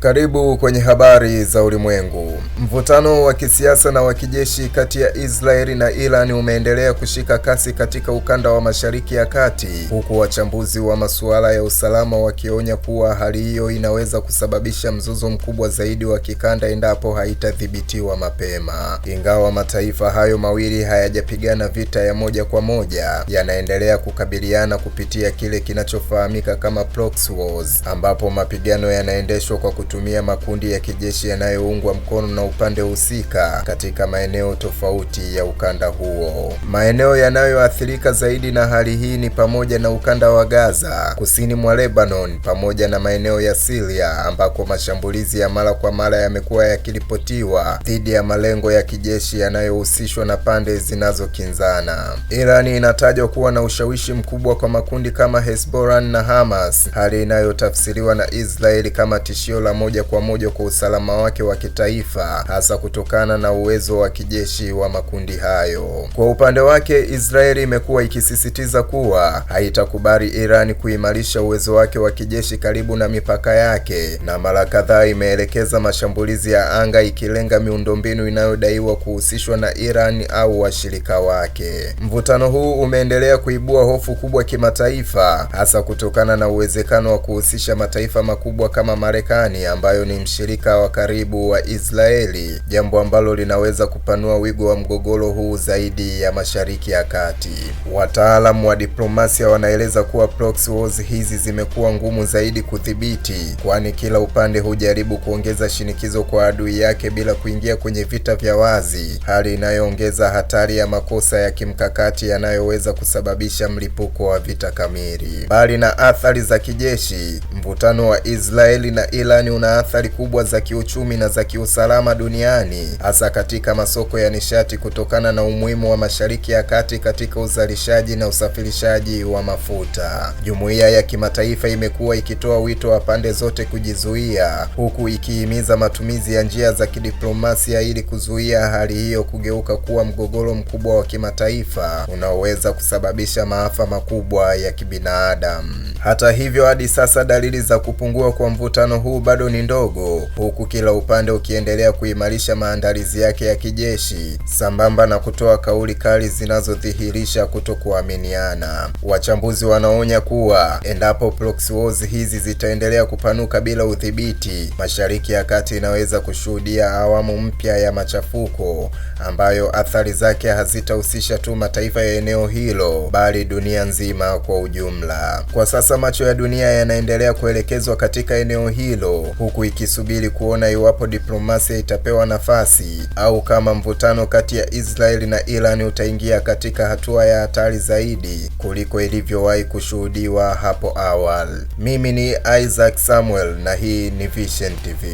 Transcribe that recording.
Karibu kwenye habari za ulimwengu. Mvutano wa kisiasa na wa kijeshi kati ya Israeli na Iran umeendelea kushika kasi katika ukanda wa Mashariki ya Kati, huku wachambuzi wa masuala ya usalama wakionya kuwa hali hiyo inaweza kusababisha mzozo mkubwa zaidi wa kikanda endapo haitadhibitiwa mapema. Ingawa mataifa hayo mawili hayajapigana vita ya moja kwa moja, yanaendelea kukabiliana kupitia kile kinachofahamika kama proxy wars, ambapo mapigano yanaendeshwa kwa kutumia makundi ya kijeshi yanayoungwa mkono na upande husika katika maeneo tofauti ya ukanda huo. Maeneo yanayoathirika zaidi na hali hii ni pamoja na ukanda wa Gaza, kusini mwa Lebanon, pamoja na maeneo ya Syria ambako mashambulizi ya mara kwa mara yamekuwa yakiripotiwa dhidi ya malengo ya kijeshi yanayohusishwa na pande zinazokinzana. Irani inatajwa kuwa na ushawishi mkubwa kwa makundi kama Hezbollah na Hamas, hali inayotafsiriwa na Israeli kama tishio la moja kwa moja kwa usalama wake wa kitaifa, hasa kutokana na uwezo wa kijeshi wa makundi hayo. Kwa upande wake, Israeli imekuwa ikisisitiza kuwa haitakubali Iran kuimarisha uwezo wake wa kijeshi karibu na mipaka yake, na mara kadhaa imeelekeza mashambulizi ya anga ikilenga miundombinu inayodaiwa kuhusishwa na Iran au washirika wake. Mvutano huu umeendelea kuibua hofu kubwa kimataifa, hasa kutokana na uwezekano wa kuhusisha mataifa makubwa kama Marekani ambayo ni mshirika wa karibu wa Israeli, jambo ambalo linaweza kupanua wigo wa mgogoro huu zaidi ya Mashariki ya Kati. Wataalamu wa diplomasia wanaeleza kuwa proxy wars hizi zimekuwa ngumu zaidi kudhibiti, kwani kila upande hujaribu kuongeza shinikizo kwa adui yake bila kuingia kwenye vita vya wazi, hali inayoongeza hatari ya makosa ya kimkakati yanayoweza kusababisha mlipuko wa vita kamili. Mbali na athari za kijeshi, mvutano wa Israeli na Irani una athari kubwa za kiuchumi na za kiusalama duniani, hasa katika masoko ya nishati kutokana na umuhimu wa Mashariki ya Kati katika uzalishaji na usafirishaji wa mafuta. Jumuiya ya kimataifa imekuwa ikitoa wito wa pande zote kujizuia, huku ikihimiza matumizi ya njia za kidiplomasia ili kuzuia hali hiyo kugeuka kuwa mgogoro mkubwa wa kimataifa unaoweza kusababisha maafa makubwa ya kibinadamu. Hata hivyo, hadi sasa dalili za kupungua kwa mvutano huu bado bado ni ndogo, huku kila upande ukiendelea kuimarisha maandalizi yake ya kijeshi sambamba na kutoa kauli kali zinazodhihirisha kutokuaminiana. Wachambuzi wanaonya kuwa endapo proxy wars hizi zitaendelea kupanuka bila udhibiti, Mashariki ya Kati inaweza kushuhudia awamu mpya ya machafuko ambayo athari zake hazitahusisha tu mataifa ya eneo hilo bali dunia nzima kwa ujumla. Kwa sasa macho ya dunia yanaendelea kuelekezwa katika eneo hilo huku ikisubiri kuona iwapo diplomasia itapewa nafasi au kama mvutano kati ya Israeli na Iran utaingia katika hatua ya hatari zaidi kuliko ilivyowahi kushuhudiwa hapo awali. Mimi ni Isaac Samuel na hii ni Vision TV.